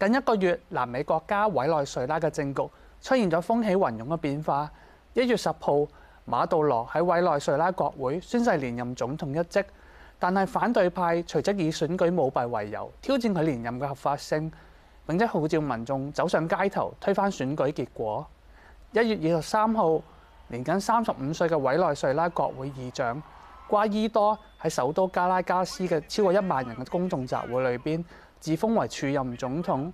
近一個月，南美國家委內瑞拉嘅政局出現咗風起雲湧嘅變化。一月十號，馬杜羅喺委內瑞拉國會宣誓連任總統一職，但係反對派隨即以選舉舞弊為由挑戰佢連任嘅合法性，並且號召民眾走上街頭推翻選舉結果。一月二十三號，年僅三十五歲嘅委內瑞拉國會議長瓜伊多喺首都加拉加斯嘅超過一萬人嘅公眾集會裏邊，自封為署任總統，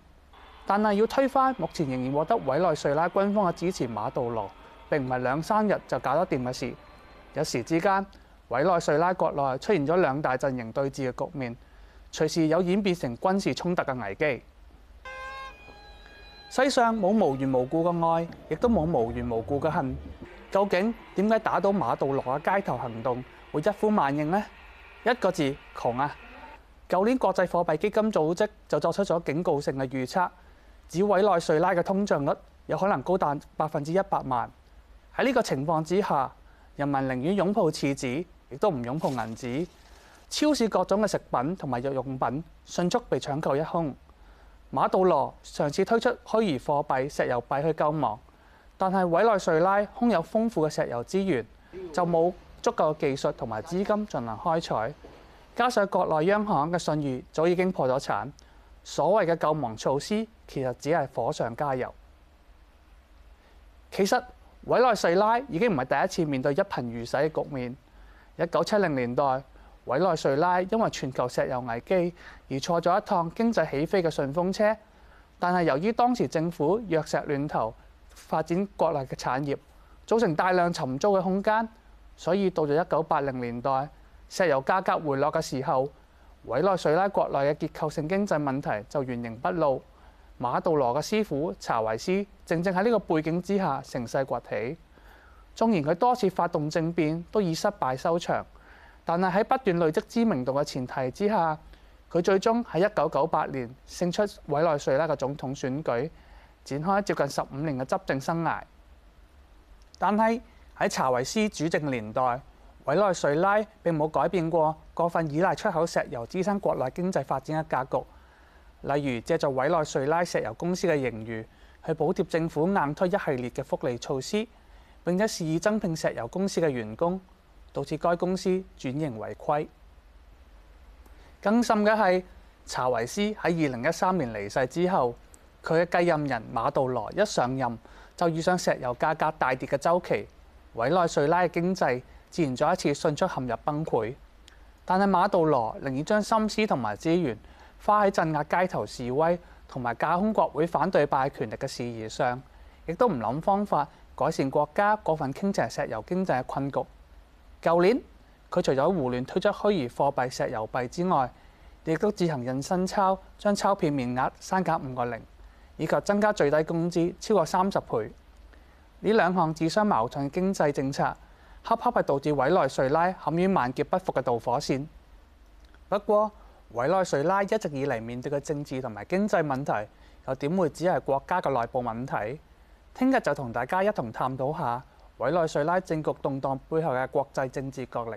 但係要推翻目前仍然獲得委內瑞拉軍方嘅支持馬杜羅，並唔係兩三日就搞得掂嘅事。有時之間，委內瑞拉國內出現咗兩大陣營對峙嘅局面，隨時有演變成軍事衝突嘅危機。世上冇無緣無故嘅愛，亦都冇無緣無故嘅恨。究竟點解打倒馬杜羅嘅街頭行動會一呼萬應呢？一個字：窮啊！舊年國際貨幣基金組織就作出咗警告性嘅預測，指委內瑞拉嘅通脹率有可能高達百分之一百萬。喺呢個情況之下，人民寧願擁抱廁紙，亦都唔擁抱銀紙。超市各種嘅食品同埋藥用品迅速被搶購一空。馬杜羅上次推出虛擬貨幣石油幣去救亡，但係委內瑞拉空有豐富嘅石油資源，就冇足夠嘅技術同埋資金進行開採。加上國內央行嘅信譽早已經破咗產，所謂嘅救亡措施其實只係火上加油。其實委內瑞拉已經唔係第一次面對一貧如洗嘅局面。一九七零年代委內瑞拉因為全球石油危機而坐咗一趟經濟起飛嘅順風車，但係由於當時政府藥石亂投，發展國內嘅產業，造成大量尋租嘅空間，所以到咗一九八零年代，石油價格回落嘅時候，委內瑞拉國內嘅結構性經濟問題就原形畢露。馬杜羅嘅師傅查維斯，正正喺呢個背景之下乘勢崛起。縱然佢多次發動政變都以失敗收場，但係喺不斷累積知名度嘅前提之下，佢最終喺一九九八年勝出委內瑞拉嘅總統選舉，展開接近十五年嘅執政生涯。但係喺查維斯主政年代。委內瑞拉並冇改變過過分依賴出口石油支撐國內經濟發展嘅格局。例如，借助委內瑞拉石油公司嘅盈餘去補貼政府硬推一系列嘅福利措施，並且試以增聘石油公司嘅員工，導致該公司轉盈為虧。更甚嘅係，查維斯喺二零一三年離世之後，佢嘅繼任人馬杜羅一上任就遇上石油價格大跌嘅周期，委內瑞拉嘅經濟，自然再一次迅速陷入崩潰，但係馬杜羅寧願將心思同埋資源花喺鎮壓街頭示威同埋架空國會反對派權力嘅事宜上，亦都唔諗方法改善國家過份傾斜石油經濟嘅困局。舊年佢除咗胡亂推出虛擬貨幣石油幣之外，亦都自行印新鈔，將鈔票面額刪減五個零，0, 以及增加最低工資超過三十倍。呢兩項自相矛盾嘅經濟政策。恰恰係導致委內瑞拉陷於萬劫不復嘅導火線。不過，委內瑞拉一直以嚟面對嘅政治同埋經濟問題，又點會只係國家嘅內部問題？聽日就同大家一同探討下委內瑞拉政局動盪背後嘅國際政治角力。